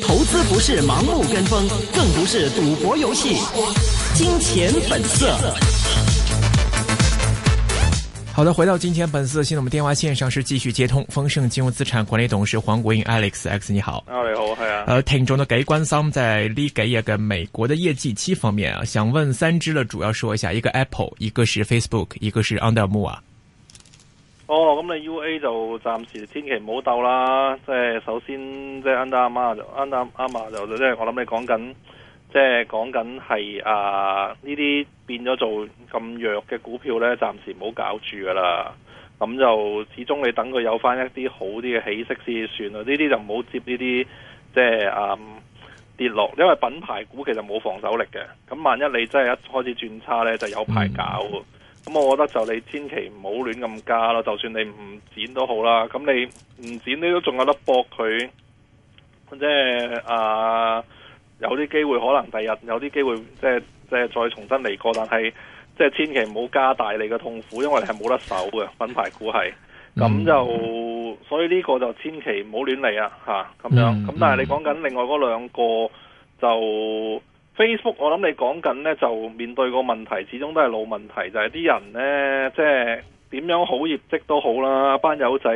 投資不是盲目跟風，更不是賭博遊戲。金錢本色。好的，回到金錢本色。現在我們電話線上是繼續接通豐盛金融資產管理董事黃國英 Alex X，你好。啊，你好，是啊。呃，聽眾的蓋觀桑在呢幾個美國的業績期方面啊，想問三隻了，主要說一下一個 Apple，一個是 Facebook，一個是 Under Armour 啊。哦，咁你 UA 就暫時千祈唔好鬥啦，即係首先即係 Under Armour 就 Under Armour 就即係我諗你講緊，即係講緊係啊呢啲變咗做咁弱嘅股票呢，暫時唔好搞住噶啦。咁就始終你等佢有翻一啲好啲嘅起色先算啦。呢啲就唔好接呢啲即係啊跌落，因為品牌股其實冇防守力嘅。咁萬一你真係一開始轉差呢，就有排搞。嗯咁、嗯、我覺得就你千祈唔好亂咁加啦，就算你唔剪都好啦。咁你唔剪你都仲有得搏佢，即係啊有啲機會可能第日有啲機會即係即係再重新嚟過，但係即係千祈唔好加大你嘅痛苦，因為你係冇得守嘅品牌股係。咁就、嗯、所以呢個就千祈唔好亂嚟啊！咁樣。咁、嗯、但係你講緊另外嗰兩個就。Facebook，我諗你講緊呢就面對個問題，始終都係老問題，就係、是、啲人呢，即係點樣好業績都好啦，班友仔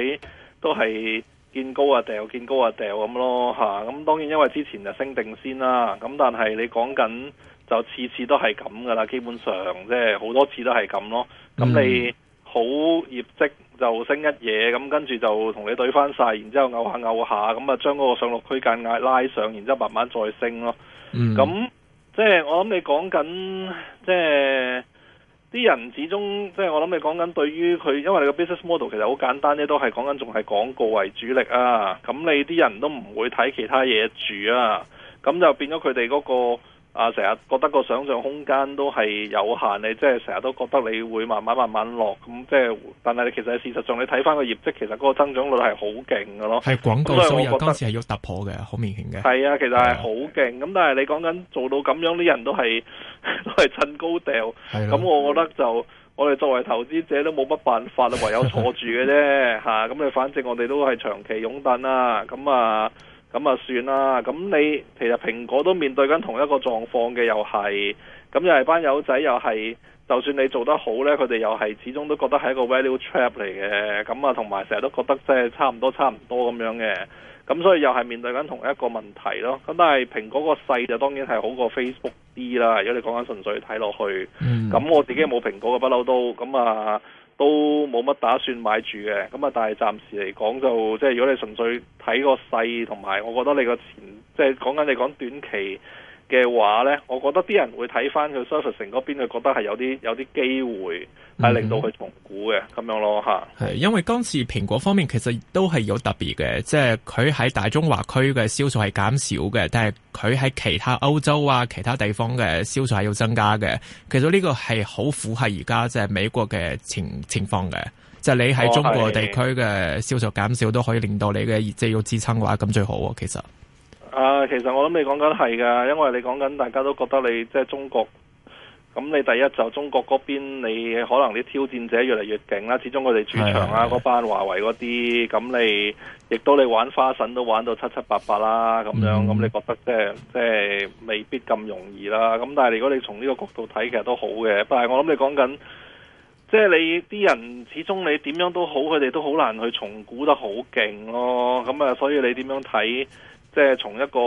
都係見高啊掉，見高丟啊掉咁咯吓。咁當然因為之前就升定先啦，咁但係你講緊就次次都係咁噶啦，基本上即係好多次都係咁咯。咁你好業績就升一嘢，咁、mm. 跟住就同你對翻晒，然之後拗下拗下，咁啊將嗰個上落區間嗌拉上，然之後慢慢再升咯。咁、mm. 即係我諗你講緊，即係啲人始終即係我諗你講緊，對於佢，因為你個 business model 其實好簡單咧，都係講緊仲係廣告為主力啊。咁你啲人都唔會睇其他嘢住啊，咁就變咗佢哋嗰個。啊！成日覺得個想像空間都係有限，你即係成日都覺得你會慢慢慢慢落咁，即係、就是。但係其實事實上，你睇翻個業績，其實嗰個增長率係好勁㗎咯。係廣告收，所以我覺得今次係要突破嘅，好明顯嘅。係啊，其實係好勁。咁、啊、但係你講緊做到咁樣啲人都係都係趁高掉咁、啊、我覺得就我哋作為投資者都冇乜辦法，唯有坐住嘅啫嚇。咁 你、啊、反正我哋都係長期擁躉啦。咁啊。咁啊算啦，咁你其實蘋果都面對緊同一個狀況嘅又係，咁又係班友仔又係，就算你做得好呢，佢哋又係始終都覺得係一個 value trap 嚟嘅，咁啊同埋成日都覺得即係、就是、差唔多差唔多咁樣嘅，咁所以又係面對緊同一個問題咯。咁但係蘋果個勢就當然係好過 Facebook 啲啦，如果你講緊純粹睇落去，咁、嗯、我自己冇蘋果嘅不嬲都，咁啊。都冇乜打算買住嘅，咁啊，但係暫時嚟講就，即係如果你純粹睇個勢，同埋我覺得你個前，即係講緊你講短期。嘅話咧，我覺得啲人會睇翻佢 Surface 成嗰邊，佢覺得係有啲有啲機會係令到佢重估嘅咁樣咯吓，係因為剛次蘋果方面其實都係有特別嘅，即係佢喺大中華區嘅銷售係減少嘅，但係佢喺其他歐洲啊其他地方嘅銷售係要增加嘅。其實呢個係好符合而家即係美國嘅情情況嘅。就你喺中國地區嘅銷售減少都可以令到你嘅業績要支撐嘅話，咁最好其實。啊，其實我諗你講緊係噶，因為你講緊大家都覺得你即係、就是、中國，咁你第一就是中國嗰邊你可能啲挑戰者越嚟越勁啦，始終我哋主場啦，嗰班華為嗰啲，咁你亦都你玩花神都玩到七七八八啦，咁樣，咁、嗯、你覺得即係即係未必咁容易啦。咁但係如果你從呢個角度睇，其實都好嘅。但係我諗你講緊，即、就、係、是、你啲人始終你點樣都好，佢哋都好難去重估得好勁咯。咁啊，所以你點樣睇？即係從一個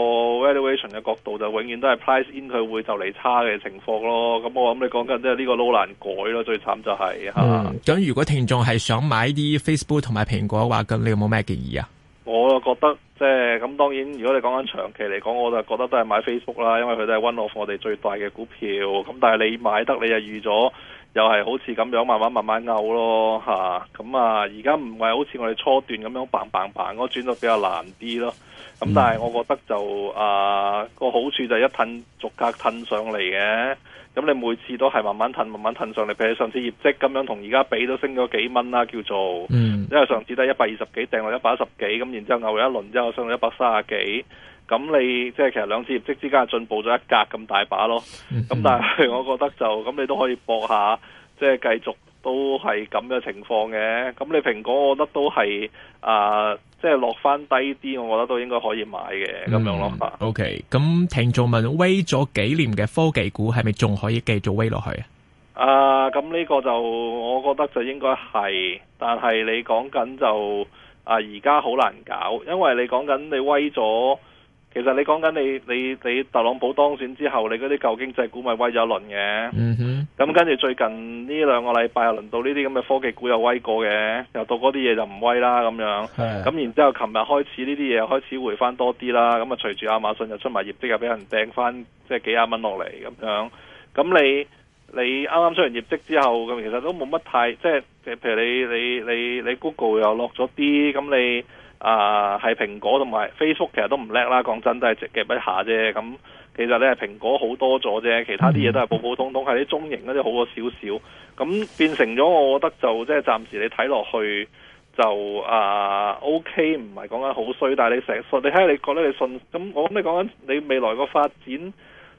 valuation 嘅角度，就永遠都係 price in 佢會就嚟差嘅情況咯。咁我諗你講緊即係呢個撈難改咯，最慘就係吓。咁如果聽眾係想買啲 Facebook 同埋蘋果嘅話，咁你有冇咩建議啊？我覺得即係咁，當然如果你講緊長期嚟講，我就覺得都係買 Facebook 啦，因為佢都係 one of 我哋最大嘅股票。咁但係你買得，你就預咗又係好似咁樣慢慢慢慢拗咯吓。咁啊，而家唔係好似我哋初段咁樣棒棒棒，我轉到比較難啲咯。咁、嗯、但係，我覺得就啊、呃，那個好處就一褪逐格褪上嚟嘅。咁你每次都係慢慢褪，慢慢褪上嚟。比起上次業績咁樣，同而家比都升咗幾蚊啦，叫做。嗯。因為上次得一百二十幾，掟落一百一十幾，咁然之後牛一輪之後升到一百三十幾，咁你即係其實兩次業績之間進步咗一格咁大把咯。咁、嗯、但係我覺得就咁，你都可以搏下，即、就、係、是、繼續都係咁嘅情況嘅。咁你蘋果，我覺得都係啊。呃即係落翻低啲，我覺得都應該可以買嘅咁樣諗。嚇、嗯，OK。咁聽眾問，威咗幾年嘅科技股係咪仲可以繼續威落去啊？啊，咁呢個就我覺得就應該係，但係你講緊就啊，而家好難搞，因為你講緊你威咗。其實你講緊你你你特朗普當選之後，你嗰啲舊經濟股咪威咗一輪嘅，咁跟住最近呢兩個禮拜又輪到呢啲咁嘅科技股又威過嘅，又到嗰啲嘢就唔威啦咁樣。咁然之後，琴日開始呢啲嘢開始回翻多啲啦。咁啊，隨住亞馬遜又出埋業績又，又俾人掟翻即係幾廿蚊落嚟咁樣。咁你你啱啱出完業績之後，咁其實都冇乜太即係，即，譬如你你你你，你 Google 又落咗啲，咁你。啊，係蘋果同埋 Facebook 其實都唔叻啦，講真都係直擊一下啫。咁其實你係蘋果好多咗啫，其他啲嘢都係普普通通，係、嗯、啲中型嗰啲好咗少少。咁變成咗，我覺得就即係、就是、暫時你睇落去就啊 OK，唔係講緊好衰，但係你成日，你睇下你覺得你信。咁我諗你講緊你未來個發展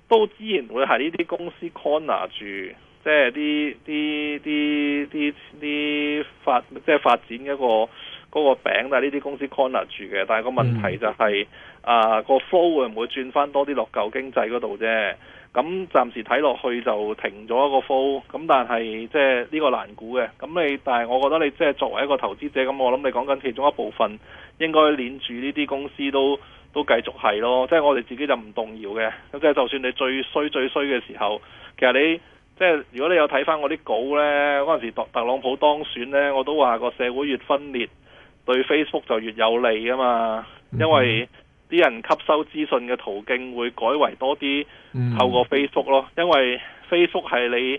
都依然會喺呢啲公司 corner 住，即係啲啲啲啲啲發即係、就是、發展一個。嗰、那個餅，但係呢啲公司 corner 住嘅，但係個問題就係、是嗯、啊、那個 flow 會唔會轉翻多啲落舊經濟嗰度啫？咁暫時睇落去就停咗一個 flow，咁但係即係呢個難估嘅。咁你但係我覺得你即係、就是、作為一個投資者，咁我諗你講緊其中一部分應該連住呢啲公司都都繼續係咯。即、就、係、是、我哋自己就唔動搖嘅。咁即係就算你最衰最衰嘅時候，其實你即係、就是、如果你有睇翻我啲稿呢，嗰陣時特朗普當選呢，我都話個社會越分裂，對 Facebook 就越有利啊嘛，因為啲人吸收資訊嘅途徑會改為多啲、嗯、透過 Facebook 咯，因為 Facebook 係你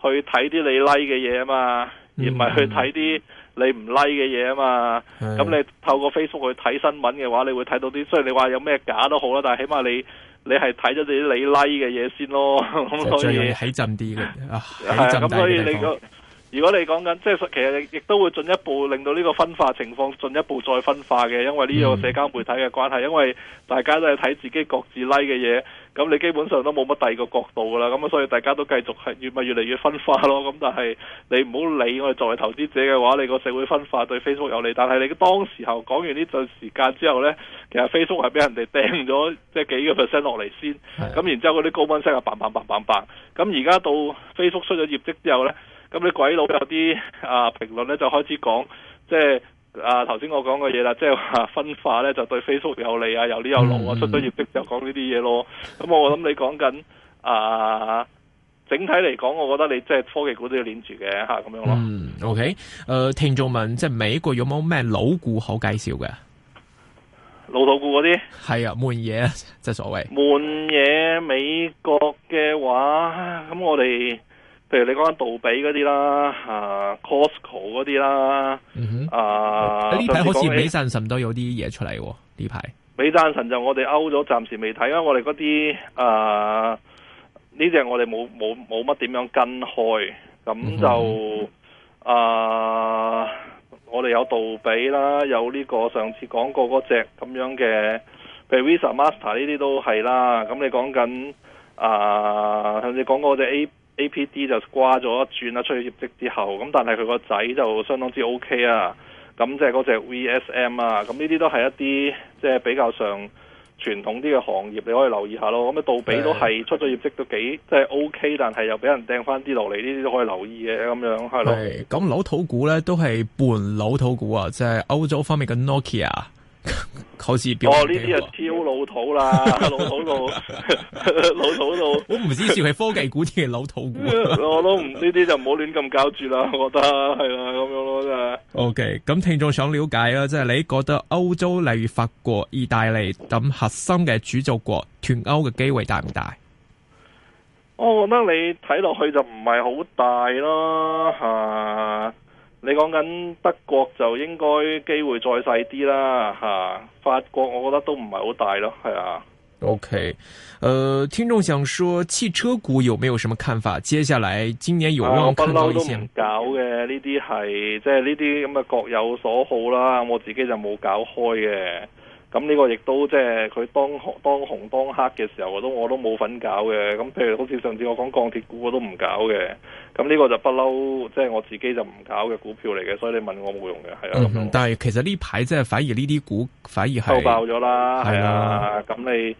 去睇啲你 like 嘅嘢啊嘛，嗯、而唔係去睇啲你唔 like 嘅嘢啊嘛。咁你透過 Facebook 去睇新聞嘅話，你會睇到啲，雖然你話有咩假都好啦，但係起碼你你係睇咗啲你 like 嘅嘢先咯。咁所以喺盡啲嘅，咁、 啊、所以你個。 如果你講緊即係其實亦都會進一步令到呢個分化情況進一步再分化嘅，因為呢個社交媒體嘅關係，因為大家都係睇自己各自 like 嘅嘢，咁你基本上都冇乜第二個角度噶啦，咁所以大家都繼續係越咪越嚟越分化咯。咁但係你唔好理我哋作為投資者嘅話，你個社會分化對 Facebook 有利，但係你當時候講完呢陣時間之後呢，其實 Facebook 係俾人哋掟咗即係幾個 percent 落嚟先，咁然之後嗰啲高分聲啊棒棒棒棒棒。a 咁而家到 Facebook 出咗業績之後呢。咁你鬼佬有啲啊評論咧就開始講，即係啊頭先我講嘅嘢啦，即係、啊、分化咧就對 Facebook 有利，有利，有利、嗯、啊，有呢有嗱，出咗業績就講呢啲嘢咯。咁、嗯嗯、我諗你講緊啊，整體嚟講，我覺得你即係科技股都要連住嘅咁樣咯。嗯，OK，誒、呃，聽眾問，即係美國有冇咩老股好介紹嘅老土股嗰啲？係啊，悶嘢即係所謂悶嘢。美國嘅話，咁我哋。譬如你講緊杜比嗰啲啦，Costco 嗰啲啦，啊，呢排、嗯啊、好似美贊臣都有啲嘢出嚟。呢排美贊臣就我哋勾咗，暫時未睇，因為我哋嗰啲啊呢隻、這個、我哋冇冇冇乜點樣跟開，咁就、嗯、啊，我哋有杜比啦，有呢個上次講過嗰隻咁樣嘅，譬如 Visa、Master 呢啲都係啦。咁你講緊啊，上次講過嗰隻 A。A.P.D 就掛咗一轉啦，出去業績之後，咁但係佢個仔就相當之 O.K. 啊，咁即係嗰隻 V.S.M 啊，咁呢啲都係一啲即係比較上傳統啲嘅行業，你可以留意下咯。咁啊，杜比都係出咗業績都幾即係 O.K.，但係又俾人掟翻啲落嚟，呢啲都可以留意嘅咁樣係咯。咁老土股咧都係半老土股啊，即係歐洲方面嘅 Nokia，好似表現結果。哦老土啦，老土到，老土到， 土了 土了 我唔知是係科技股定係老土股。 我都唔知啲就唔好亂咁搞住啦，我覺得係啦咁樣咯，真係、啊啊啊啊。OK，咁聽眾想了解啦，即、就、係、是、你覺得歐洲例如法國、意大利咁核心嘅主軸國脫歐嘅機會大唔大？我覺得你睇落去就唔係好大咯，吓、啊。你講緊德國就應該機會再細啲啦，嚇！法國我覺得都唔係好大咯，係啊。OK，誒、呃，聽眾想說汽車股有沒有什麼看法？接下來今年有冇望到一些？哦、我一向都唔搞嘅，呢啲係即係呢啲咁嘅各有所好啦，我自己就冇搞開嘅。咁呢個亦都即係佢當紅當黑嘅時候，我都我都冇份搞嘅。咁譬如好似上次我講鋼鐵股，我都唔搞嘅。咁呢個就不嬲，即係我自己就唔搞嘅股票嚟嘅。所以你問我冇用嘅，係啊、嗯。但係其實呢排即係反而呢啲股反而係收爆咗啦，係啊。咁你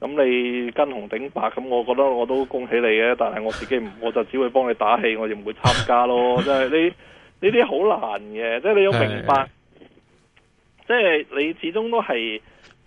咁你跟紅頂白，咁我覺得我都恭喜你嘅。但係我自己唔， 我就只會幫你打氣，我就唔會參加咯。即 係你呢啲好難嘅，即係你要明白。即係你始終都係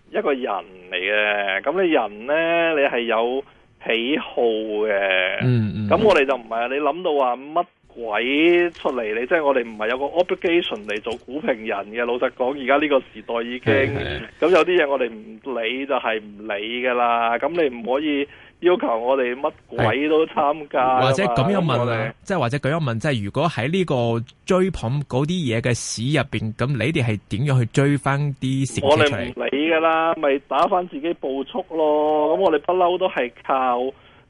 一個人嚟嘅，咁你人呢？你係有喜好嘅。嗯嗯。咁我哋就唔係啊，你諗到話乜鬼出嚟？你即係我哋唔係有個 obligation 嚟做股評人嘅。老實講，而家呢個時代已經，咁、嗯嗯嗯、有啲嘢我哋唔理就係唔理噶啦。咁你唔可以。要求我哋乜鬼都參加，或者咁樣問咧，即係或者咁樣問，即係如果喺呢個追捧嗰啲嘢嘅市入面，咁你哋係點樣去追翻啲？我哋唔理噶啦，咪打翻自己步速咯。咁我哋不嬲都係靠。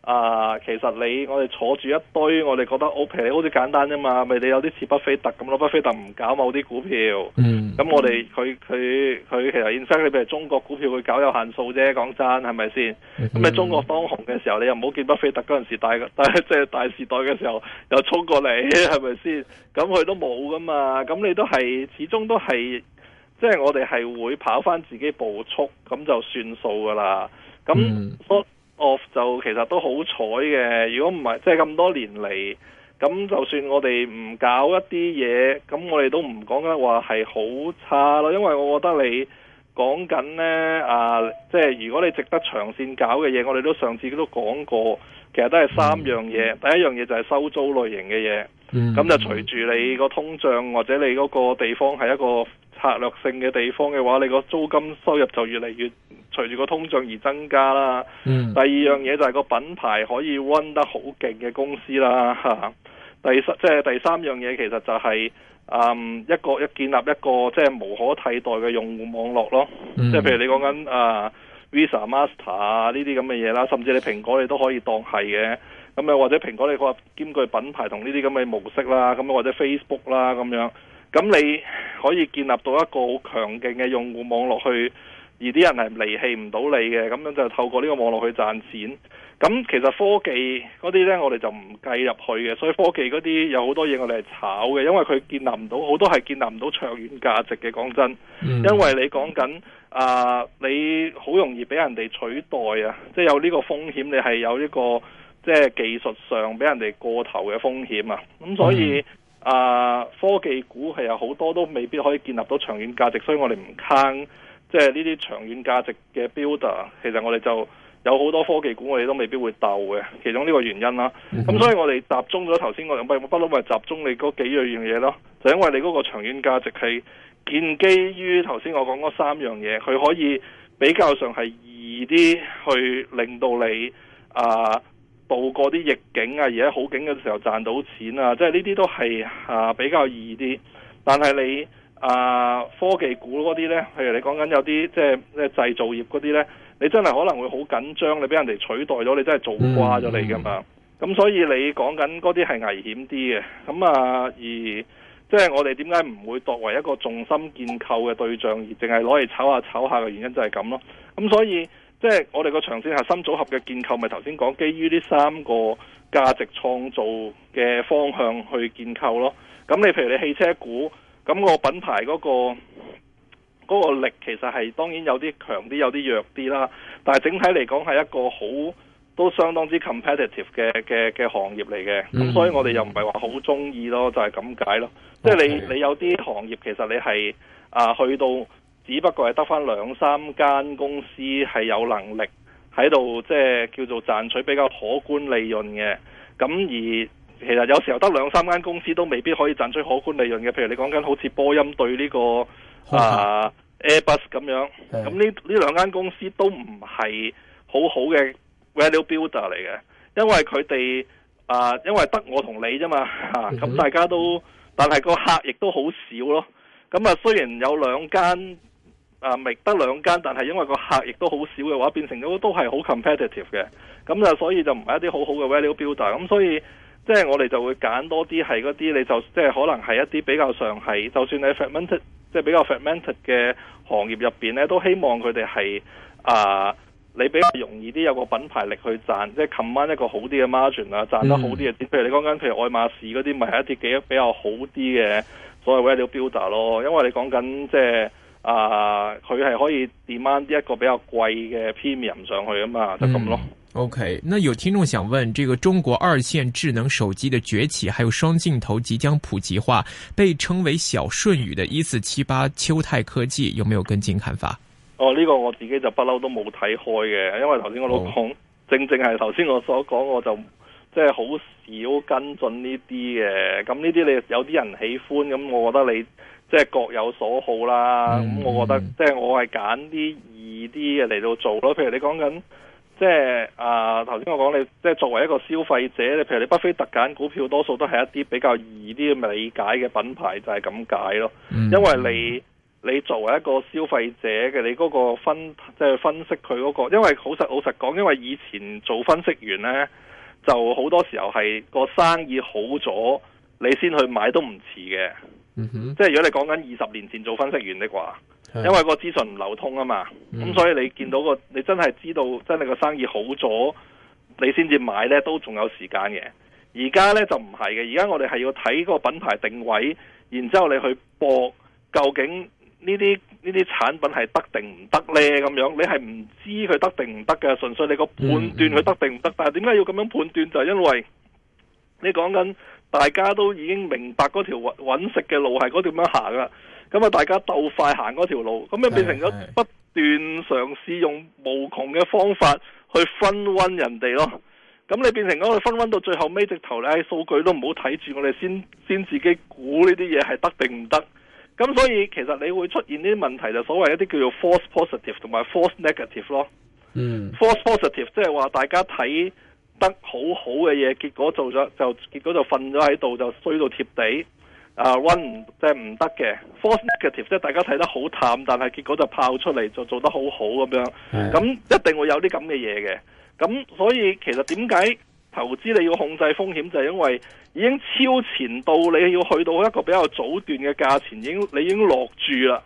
啊，其實你我哋坐住一堆，我哋覺得 O、OK, K，好似簡單啫嘛，咪你有啲似不菲特咁咯，不菲特唔搞某啲股票，咁、嗯、我哋佢佢佢其實 in 你譬如中國股票佢搞有限數啫，講真係咪先？咁你、嗯、中國當紅嘅時候，你又好見不菲特嗰陣時大，即係、就是、大時代嘅時候又衝過嚟，係咪先？咁佢都冇噶嘛，咁你都係始終都係，即、就、係、是、我哋係會跑翻自己步速，咁就算數噶啦，咁 off 就其實都好彩嘅，如果唔係，即係咁多年嚟，咁就算我哋唔搞一啲嘢，咁我哋都唔講緊話係好差咯。因為我覺得你講緊呢，啊，即係如果你值得長線搞嘅嘢，我哋都上次都講過，其實都係三樣嘢、嗯。第一樣嘢就係收租類型嘅嘢，咁、嗯、就隨住你個通脹或者你嗰個地方係一個策略性嘅地方嘅話，你個租金收入就越嚟越隨住個通脹而增加啦。嗯、第二樣嘢就係個品牌可以温得好勁嘅公司啦。嚇， 第三即係第三樣嘢，其實就係、是、嗯一個一建立一個即係無可替代嘅用戶網絡咯。即、嗯、係譬如你講緊啊 Visa、Master 啊呢啲咁嘅嘢啦，甚至你蘋果你都可以當係嘅。咁啊或者蘋果你個兼具品牌同呢啲咁嘅模式啦，咁或者 Facebook 啦咁樣。咁你可以建立到一個好強勁嘅用戶網絡去，而啲人係離棄唔到你嘅，咁樣就透過呢個網絡去賺錢。咁其實科技嗰啲呢，我哋就唔計入去嘅，所以科技嗰啲有好多嘢我哋係炒嘅，因為佢建立唔到，好多係建立唔到長遠價值嘅。講真，因為你講緊啊，你好容易俾人哋取代啊，即係有呢個風險，你係有呢個，即係技術上俾人哋過頭嘅風險啊。咁所以。嗯嗯啊，科技股係有好多都未必可以建立到長遠價值，所以我哋唔坑，即係呢啲長遠價值嘅 builder，其實我哋就有好多科技股，我哋都未必會鬥嘅，其中呢個原因啦。咁、嗯、所以我哋集中咗頭先我哋不不嬲咪集中你嗰幾樣嘢咯，就因為你嗰個長遠價值係建基於頭先我講嗰三樣嘢，佢可以比較上係易啲去令到你啊。度過啲逆境啊，而家好景嘅時候賺到錢啊，即係呢啲都係嚇、啊、比較易啲。但係你啊科技股嗰啲呢，譬如你講緊有啲即係製造業嗰啲呢，你真係可能會好緊張，你俾人哋取代咗，你真係做瓜咗你㗎嘛。咁所以你講緊嗰啲係危險啲嘅。咁啊，而即係我哋點解唔會作為一個重心建構嘅對象，而淨係攞嚟炒下炒下嘅原因就係咁咯。咁所以。即係我哋個長線核心組合嘅建構，咪頭先講，基於呢三個價值創造嘅方向去建構咯。咁你譬如你汽車股，咁個品牌嗰個嗰個力其實係當然有啲強啲，有啲弱啲啦。但係整體嚟講係一個好都相當之 competitive 嘅嘅嘅行業嚟嘅。咁、嗯、所以我哋又唔係話好中意咯，就係、是、咁解咯。Okay. 即係你你有啲行業其實你係啊去到。只不過係得翻兩三間公司係有能力喺度，即係叫做賺取比較可觀利潤嘅。咁而其實有時候得兩三間公司都未必可以賺取可觀利潤嘅。譬如你講緊好似波音對呢個啊，啊 Airbus 咁樣，咁呢呢兩間公司都唔係好好嘅 value builder 嚟嘅，因為佢哋啊，因為得我同你啫嘛，啊咁大家都，嗯、但係個客亦都好少咯。咁啊，雖然有兩間。啊，得兩間，但係因為個客亦都好少嘅話，變成咗都係好 competitive 嘅，咁就所以就唔係一啲好好嘅 value builder，咁所以即係、就是、我哋就會揀多啲係嗰啲，你就即係、就是、可能係一啲比較上係，就算你 fragmented，即係比較 fragmented 嘅行業入面呢，都希望佢哋係啊，你比較容易啲有個品牌力去賺，即係 command 一個好啲嘅 margin 啊，賺得好啲嘅，譬、嗯、如你講緊譬如愛馬仕嗰啲，咪、就、係、是、一啲幾比較好啲嘅所謂 value builder 咯，因為你講緊即係。就是。啊！佢係可以 demand 一個比較貴嘅 premium 上去啊嘛，就咁咯。嗯、o、okay, K，那有聽眾想問，這個中國二線智能手機的崛起，還有雙鏡頭即將普及化，被稱為小舜宇的一四七八秋泰科技，有沒有跟進看法？哦，呢、這個我自己就不嬲都冇睇開嘅，因為頭先我都講、哦，正正係頭先我所講，我就即係好少跟進呢啲嘅。咁呢啲你有啲人喜歡，咁我覺得你。即係各有所好啦，咁，嗯，我覺得即係我係揀啲易啲嘅嚟到做咯。譬如你講緊，即係啊頭先我講你，即係作為一個消費者，你譬如你巴菲特揀股票，多數都係一啲比較易啲嘅理解嘅品牌，就係咁解咯。因為你你作為一個消費者嘅，你嗰個分即係分析佢嗰個，因為好實好實講，因為以前做分析員呢，就好多時候係個生意好咗，你先去買都唔遲嘅。嗯、即係如果你講緊二十年前做分析員的話，的因為個資訊唔流通啊嘛，咁、嗯、所以你見到個你真係知道真係個生意好咗，你先至買呢都仲有時間嘅。而家呢就唔係嘅，而家我哋係要睇個品牌定位，然之後你去搏究竟呢啲呢啲產品係得定唔得呢。咁樣你係唔知佢得定唔得嘅，純粹你個判斷佢得定唔得。嗯、但係點解要咁樣判斷、嗯、就係因為你講緊。大家都已經明白嗰條搵食嘅路係嗰點樣行㗎，咁啊大家鬥快行嗰條路，咁啊變成咗不斷嘗試用無窮嘅方法去 front run 人哋咯。咁你變成嗰個 front run 到最後尾直頭咧，數據都唔好睇住，我哋先先自己估呢啲嘢係得定唔得。咁所以其實你會出現啲問題就所謂一啲叫做 false positive 同埋 false negative 咯。嗯 false positive 即係話大家睇得好好嘅嘢，結果做咗就，就結果就瞓咗喺度，就衰到貼地啊 o 即係唔得嘅，false negative 即係大家睇得好淡，但係結果就爆出嚟就做得好好咁樣。咁一定會有啲咁嘅嘢嘅。咁所以其實點解投資你要控制風險，就係、是、因為已經超前到你要去到一個比較早段嘅價錢，已經你已經落注啦，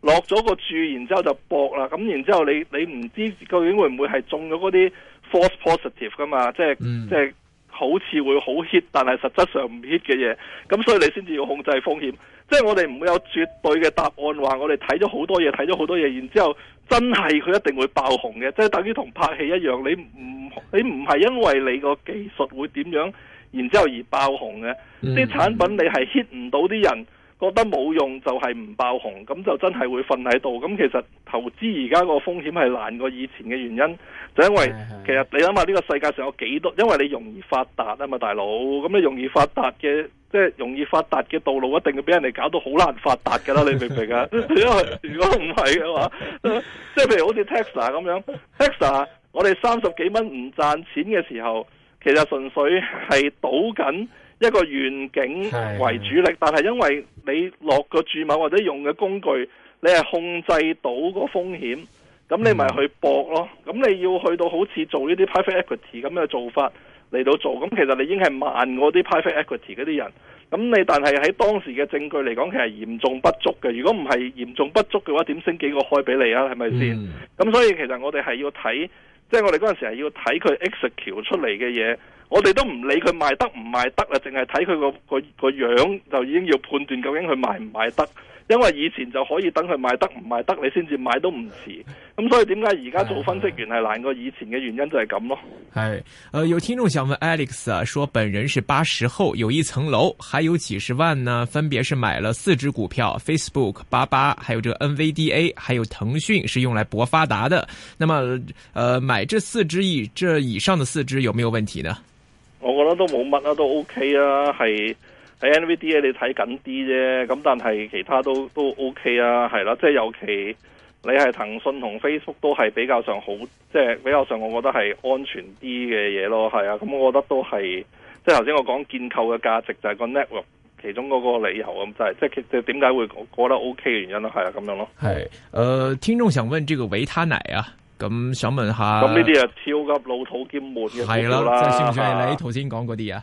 落咗個注，注，然之後就博啦。咁然之後你你唔知究竟會唔會係中咗嗰啲？False positive 噶嘛，即係即係好似會好 hit，但係實質上唔 hit 嘅嘢，咁所以你先至要控制風險。即係我哋唔會有絕對嘅答案，話我哋睇咗好多嘢，睇咗好多嘢，然之後真係佢一定會爆紅嘅，即係等於同拍戲一樣，你唔你唔係因為你個技術會點樣，然之後而爆紅嘅，啲產品你係 hit 唔到啲人。覺得冇用就係唔爆紅，咁就真係會瞓喺度。咁其實投資而家個風險係難過以前嘅原因，就因為其實你諗下呢個世界上有幾多？因為你容易發達啊嘛，大佬。咁你容易發達嘅，即係容易發達嘅道路一定會俾人哋搞到好難發達噶啦， 你明唔明啊？ 因為如果唔係嘅話，即係譬如好似 Tesla 咁樣 Tesla 我哋三十幾蚊唔賺錢嘅時候，其實純粹係賭緊。一個遠景為主力，但係因為你落個注碼或者用嘅工具，你係控制到個風險，咁你咪去搏咯。咁、嗯、你要去到好似做呢啲 private equity 咁嘅做法嚟到做，咁其實你已經係慢過啲 private equity 嗰啲人。咁你但係喺當時嘅證據嚟講，其實嚴重不足嘅。如果唔係嚴重不足嘅話，點升幾個開俾你啊？係咪先？咁、嗯、所以其實我哋係要睇。即係我哋嗰陣時係要睇佢 execute 出嚟嘅嘢，我哋都唔理佢賣得唔賣得啊，淨係睇佢個個個樣就已經要判斷究竟佢賣唔賣得。因為以前就可以等佢賣得唔賣得，你先至買都唔遲。咁所以點解而家做分析員係難過以前嘅原因就係咁咯。係，呃有聽眾想問 Alex 啊，說本人是八十後，有一層樓，還有幾十萬呢？分別是買了四隻股票：Facebook、八八，還有這個 NVDA，還有騰訊，是用來博發達的。那麼呃，買這四隻以這以上的四隻，有沒有問題呢？我覺得都冇乜啦，都 OK 啊，係。喺 NVDA 你睇緊啲啫，咁但係其他都都 OK 啊，係啦，即係尤其你係騰訊同 Facebook 都係比較上好，即係比較上我覺得係安全啲嘅嘢咯，係啊，咁我覺得都係，即係頭先我講建構嘅價值就係個 network 其中嗰個理由咁就係、是，即係點解會覺得 OK 嘅原因咯，係啊，咁樣咯。係，誒、呃，聽眾想問這個維他奶啊，咁想問一下，咁呢啲啊超級老土兼悶嘅係啦，即係算唔算係你頭先講嗰啲啊？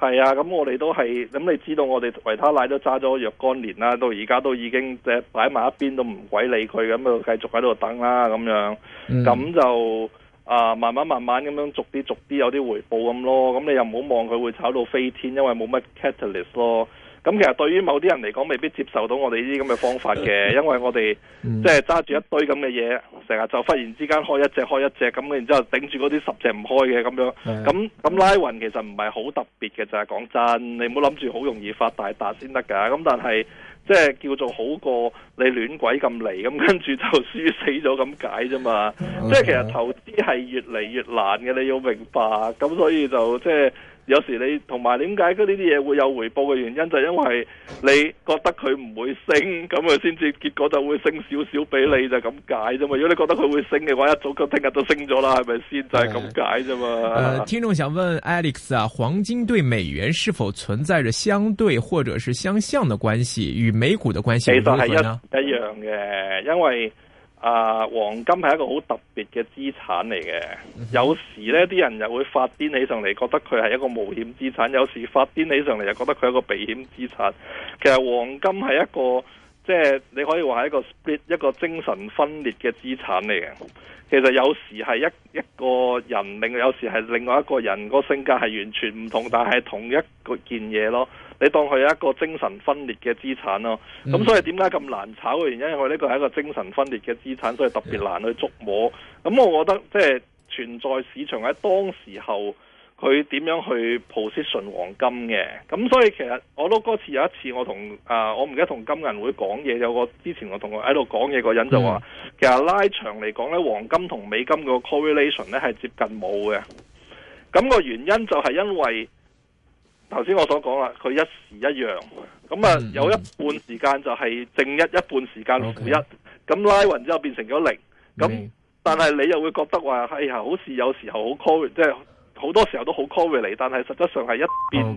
係啊，咁我哋都係，咁你知道我哋維他奶都揸咗若干年啦，到而家都已經即係擺埋一邊，都唔鬼理佢咁啊，繼續喺度等啦咁樣，咁、嗯、就啊慢慢慢慢咁樣逐啲逐啲有啲回報咁咯，咁你又唔好望佢會炒到飛天，因為冇乜 catalyst 咯。咁其實對於某啲人嚟講，未必接受到我哋呢啲咁嘅方法嘅，因為我哋即係揸住一堆咁嘅嘢，成、嗯、日就忽然之間開一隻開一隻，咁然之後頂住嗰啲十隻唔開嘅咁樣，咁、嗯、咁拉勻其實唔係好特別嘅，就係講真，你唔好諗住好容易發大達先得㗎，咁但係即係叫做好過你亂鬼咁嚟，咁跟住就輸死咗咁解啫嘛，即係其實投資係越嚟越難嘅，你要明白，咁所以就即係。有時你同埋點解嗰呢啲嘢會有回報嘅原因就係、是、因為你覺得佢唔會升，咁佢先至結果就會升少少俾你就咁解啫嘛。如果你覺得佢會升嘅話，一早佢聽日就升咗啦，係咪先就係咁解啫嘛？誒，聽眾想問 Alex 啊，黃金對美元是否存在着相對或者是相像嘅關係？與美股嘅關係如何呢？其實係一一樣嘅，因為。啊，黃金係一個好特別嘅資產嚟嘅，有時呢啲人又會發癲起上嚟，覺得佢係一個冒險資產；有時發癲起上嚟又覺得佢係一個避險資產。其實黃金係一個即係、就是、你可以話係一個 split 一個精神分裂嘅資產嚟嘅。其實有時係一一個人另，有時係另外一個人個性格係完全唔同，但係同一個件嘢咯。你當佢係一個精神分裂嘅資產咯，咁所以點解咁難炒嘅原因？因為呢個係一個精神分裂嘅資產，所以特別難去捉摸。咁我覺得即係存在市場喺當時候佢點樣去 position 黃金嘅。咁所以其實我都嗰次有一次我同啊、呃，我唔記得同金銀會講嘢，有個之前我同佢喺度講嘢嗰人就話、嗯，其實拉長嚟講呢黃金同美金個 correlation 呢係接近冇嘅。咁、那個原因就係因為。頭先我所講啦，佢一時一樣，咁啊有一半時間就係正一、嗯，一半時間係負一，咁、okay，拉勻之後變成咗零。咁但係你又會覺得話，哎呀，好似有時候好 correct，即係好多時候都好 correct 嚟，但係實質上係一邊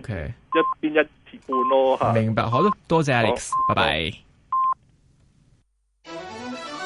一邊一半咯嚇。明白，好多多謝 Alex，拜拜。Bye bye。